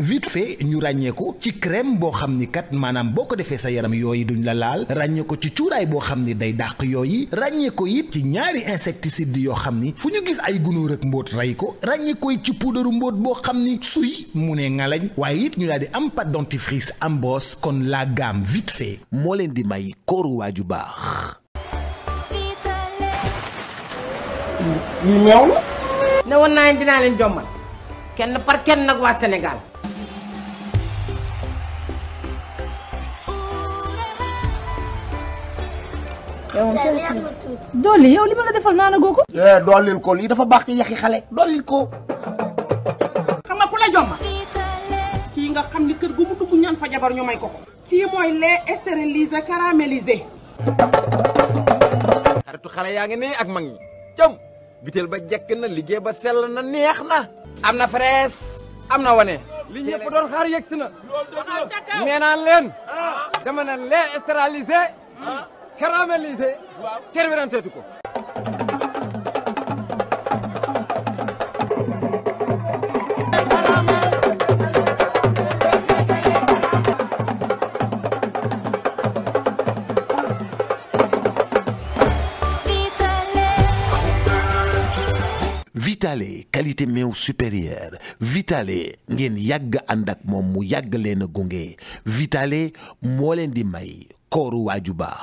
vite fait ñu ràññee ko ci crème bo xamni kat manam boko ko sa yaram yooyu duñ la laal ràññee ko ci ciuray bo xamni day dàq yooyu ràññee ko it ci ñaari insecticide yo xamni ni fu ñu gis ay gunu rek mbot ray ko ràññee ko ci poudre mbot bo xamni suy mu ne ngalañ waaye ñu daldi am pâte dentifrice am boss kon la gamme vite fait mo leen di may kooru waju baax lii meew la ne woon leen dinaa jommal kenn par kenn nak wa Sénégal Ya, Doli, yow li ma la defal naana googu ya, dollil ko lii dafa baax ci yaxi xale dollil ko xam nga ku la jomma kii nga xam ni kër gu mu dugg ñaan fa jabar ñu may ko kii mooy lait stérilisé caramélisé xaritu xale yaa ngi nii ak mag ñi jëm bitel ba jekk na liggéey ba sell na neex na am fraise am na li ñëpp doon xaar yegsi na nee dama na lait stérilisé caramélisé cerwiranteetu ko Vitale qualité meew supérieure Vitale ngeen yàgg ànd moom mu yàgg leen a gunge Vitale di may kooru waaju baax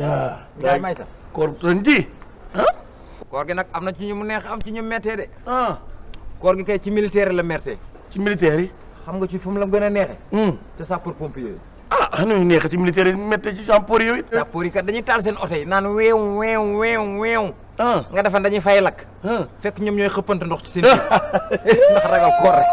waaw. may sa koor ren ji ah? koor gi nag am na ci ñu mu neex am ci ñu mete de. Ah. koor gi kay ci militaire la méttee. ci militaire yi. xam nga ci fu mu la gën a neexee. te hmm. sapeur pompier yooyu. ah xam nañu neexee ci militaire yi méttee ci sapeur yooyu. sapeur yi kat dañuy taal seen oto yi naan weew ah. nga defan dañuy fay lakk. fekk ñoom ñooy xëppante ndox ci seen ndax ragal koor rek.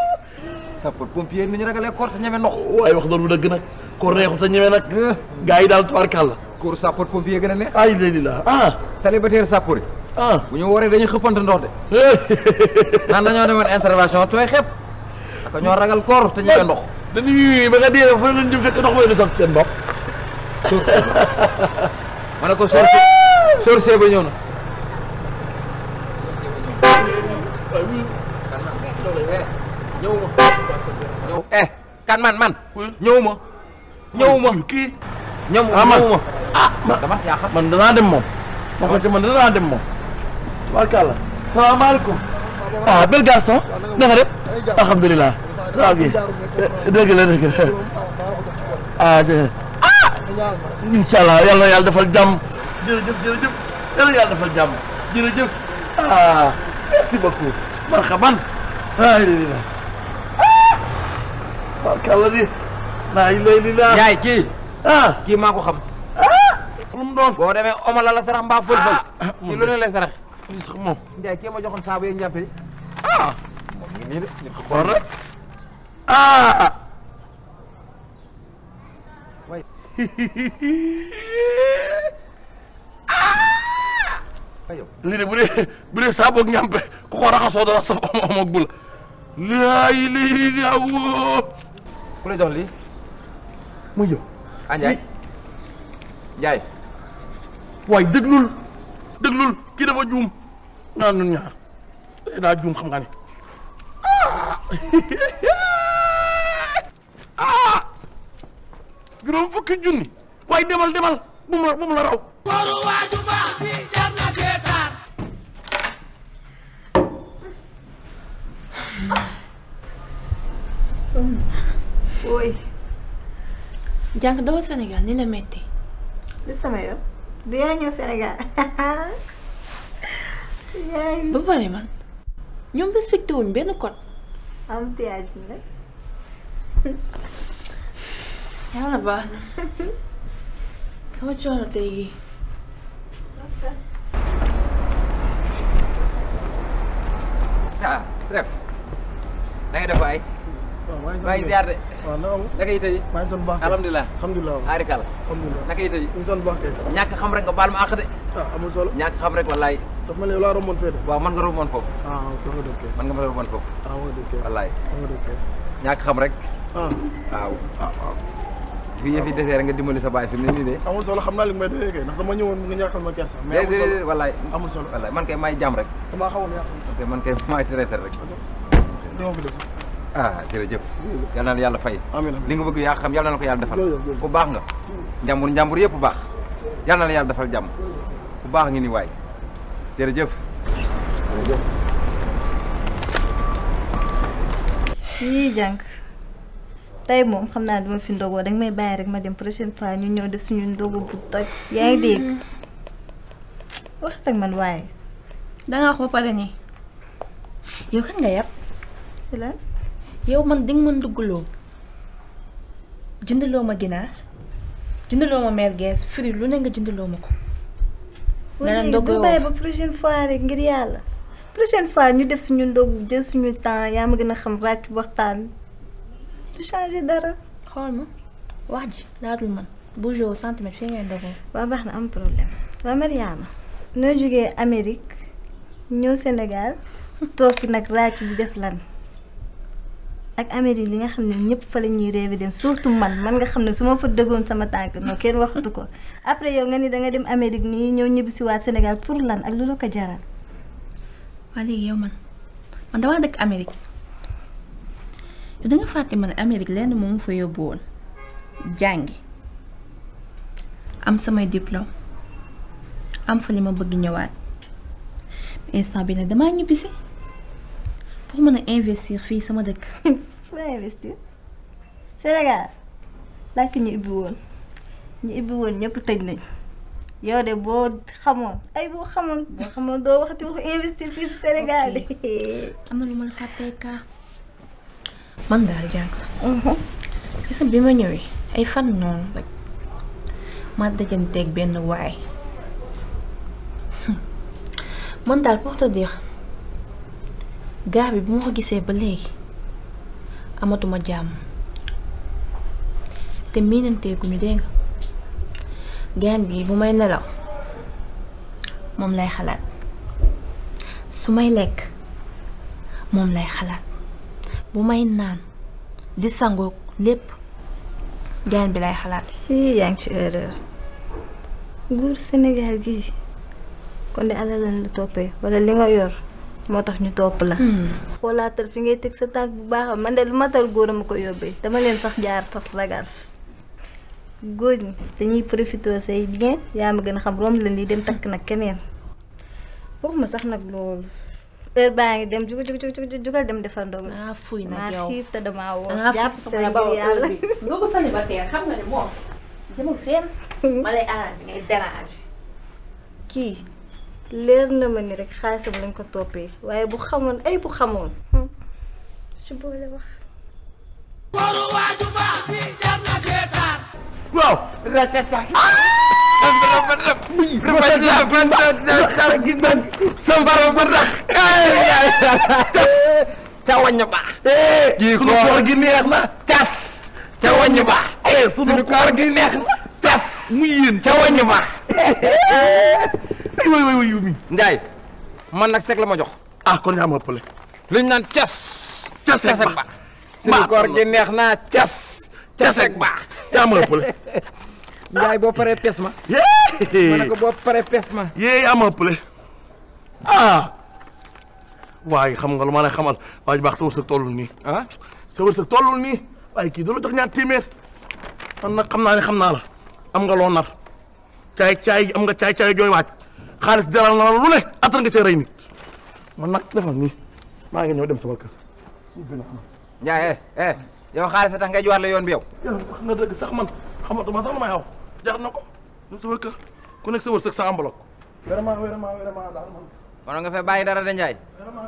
sapeur pompier yi ni ñu ragalee koor te ñeme ndox. waaye wax dëgg lu nag. koor neexut a ñeme nag. Eh? gars yi daal tubaarkàlla. koor sapeur pompier gën a neex. ay léegi la ah. célibataire sapeur yi. ah waree dañuy xëppante ndox de. Eh. naan dañoo demoon intervention tooy xepp. ak ñoo ragal koor te ñeme ndox. Eh, dañuy ba nga dee fa lañ ñu ndox seen bopp. ma ne ko sorcier ah. sorcier ba ñëw na. ñëw ma. eh kan man man. ñëw ma. ñëwuma kii ñëw ah, ñëwuma ah dama yaakaar man danaa dem moom waxante man danaa dem moom tubaarkàlla salaamaaleykum ah bel garçon na nga def alhamdulilah ça va dëgg la dëgg la ah ah incha allah yal na yàlla defal jàmm jërëjëf jërëjëf yal na yàlla defal jàmm jërëjëf ah merci beaucoup marhaban ah tubaarkàlla ah! di laa nah, ilaaha illallaah yaay kii ah kii maa ko xam lu mu doon boo demee oma la la sarax mbaa fël fël kii lu ne lay sarax kii sax moom Ndiaye kii ma joxoon saabu yeeg njàppe ah moom ngi nii de ñu ko xool rek ah way ah. lii de bu dee bu dee saabu ak njàmpe ku ko raxasoo dara saf om om ak bul laa ilaaha illallaah ku la jox lii muy yow. ah Ndiaye Ndiaye. waaye déglul déglul kii dafa juum naa nun ñaar daa juum xam nga ne ah! Ah! ah juróom fukki junni waaye demal demal bu la bu la raw. jàng dawal Sénégal ni la metti du sama yoon du yaa ñëw Sénégal ba pare man ñoom respecté wuñ benn code am tiyaaj bi tey gi waaw na amul naka yite yi maa ngi sant bu baax kay alhamdulilah alhamdulilah aarikal alhamdulilah naka yi ñu sant ñàkk xam rek nga baal ma àq de ah amul xam rek wallaay daf ma ne laa romboon fee man nga romboon foofu ah nga dëkk man nga ma romboon foofu ah nga dëkk ñàkk xam rek ah waaw ah, waaw fii yëf yi ah, desee sa baay fi mu ne nii xam naa li may doyee kay ndax dama ñëwoon nga ñàkkal mais solo wallaay man kay may jàmm rek damaa xawoon yàq man kay may traiter rek ah jërëjëf yal na la yàlla fay li nga bëgg yaa xam yal na la ko yàlla defal ku baax nga njàmbur njàmbur yëpp baax yal na la yàlla defal jàmm ku baax ngi ni waay jërëjëf jërëjëf yii jàng tey moom xam naa dama fi ndogoo danga may bàyyi rek ma dem prochaine fois ñu ñëw def suñu ndogu bu toj yaa ngi dégg hmm. wax ak man waaye danga wax ba pare nii yow kan nga yàpp si la yow man di nga ma nduggloo ma ginaar jëndaloo ma merguez fruit lu ne nga jëndaloo ma ko. nga ne ndogoo ba prochaine fois rek ngir yàlla. prochaine fois ñu def suñu ndog jël suñu temps yaa ma gën a xam ràcc waxtaan. du changé dara. xool ma wax ji laatul man bu jour centimètre fii ngay ndogoo. waaw baax na am problème. waaw Mariama noo jógee Amérique ñëw Sénégal toog nag ràcc di def lan. ak Amérique li nga xam ne ñëpp fa la ñuy rêvé dem surtout man man nga xam ne su ma fa dëggoon sama tànk non kenn waxatu ko après yow nga ni danga nga dem Amérique nii ñëw ñibbisiwaat Sénégal pour lan ak lu la ko jaral. waa léegi yow man man damaa dëkk Amérique da nga fàtte man Amérique lenn moom fa yóbbu woon jàngi am samay diplôme am fa li ma bëgg ñëwaat instant bi nag damaa ñibbisi. pour investir fils. sama ne peux investir Sénégal ki ñu investir. won ñu ibi won ñep tej nañ yow de investir. xamone ay bo xamone investir. waxati investir fi Sénégal de. am na lu la man mhm. bima ay fan non pour te dire. gaa bi bu ma ko gisee ba léegi amatuma jàmm te miinanteeguñu dégg nga gaan bi bu may nelaw moom lay xalaat su may lekk moom lay xalaat bu may naan di sangoo lépp gaan bi lay xalaat fii yaa ngi ci erreur nguur Sénégal gii kon de alal la toppee wala li nga yor motax ñu top la xolaatal hmm. fi ngay tek sa tag bu baax man de lu matal góoram ko yobbe dama len sax jaar faf ragal goor ñi dañuy profité say bien ya ma gëna xam rom lañ li dem tak nak keneen waxuma sax nak lool per dem jugu jugu jugu jugal dem defal ndog ah fuy nak yow xif ta dama wo ah, ya sa ngir yàlla doo ko sali ba xam nga ne mos demul malay arrange ngay dérange ki leer na ma ni rek xaalisam lañ ko toppee waaye bu xamoon ay bu xamoon su boole wax kooru waaju baax bi jar na seetaan waaw ratata ca wañu baax ji sunu koor neex na cas ca wañu baax sunu koor gi neex na cas mu ca wañu ay man nag sek la ma jox ah kon yaa ma ëppale li naan cas cas ak ba neex naa cas cas ak ba yaa ma boo paree pes ma ma ne ma yee yaa ma ëppale ah waaye xam nga lu ma lay xamal waa ji baax sa wërsëg tollul nii ah sa wërsëg tollul nii waaye kii du la jox ñaar man nag xam naa ne xam naa la am nga loo nar caay caay am nga caay caay jooy waaj xaalis jaral na lu ne attan nga cee rey nit man nag defal nii maa ngi ñëw dem sama kër. Ndiaye eh eh yow xaalis tax ngay jowaat yoon bi yow. wax nga dëgg sax man xamatuma sax lu may xaw na ko ku nekk sa wërsëg sa ambaloog. vraiment vraiment vraiment daal man. waroon dara de Ndiaye. vraiment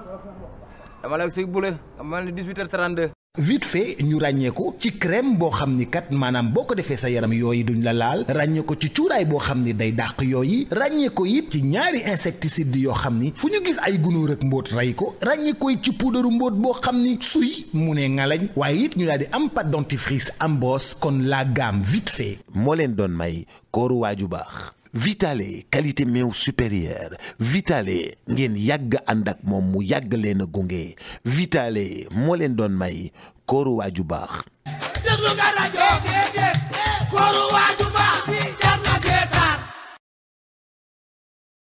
dama la suy bule nga mel ni 18 h vite fait ñu ràññee ko ci crème boo xam ni kat maanaam boo ko defee sa yaram yooyu duñ la laal ràññee ko ci cuuraay boo xam ni day dàq yooyu ràññee ko it ci ñaari insecticide yoo xam ni fu ñu gis ay gunóor ak mbóot rey ko ràññee ko it ci puudaru mbóot boo xam ni suy mu ne ngalañ waaye it ñu daal di am pâte dentifrice am boos kon laa gamme vite fait moo leen doon may kooru waaju baax Vitale qualité meew supérieure Vitale ngeen yàgg ànd moom mu yàgg leen a gunge Vitale moo leen doon may kóoru waaju baax.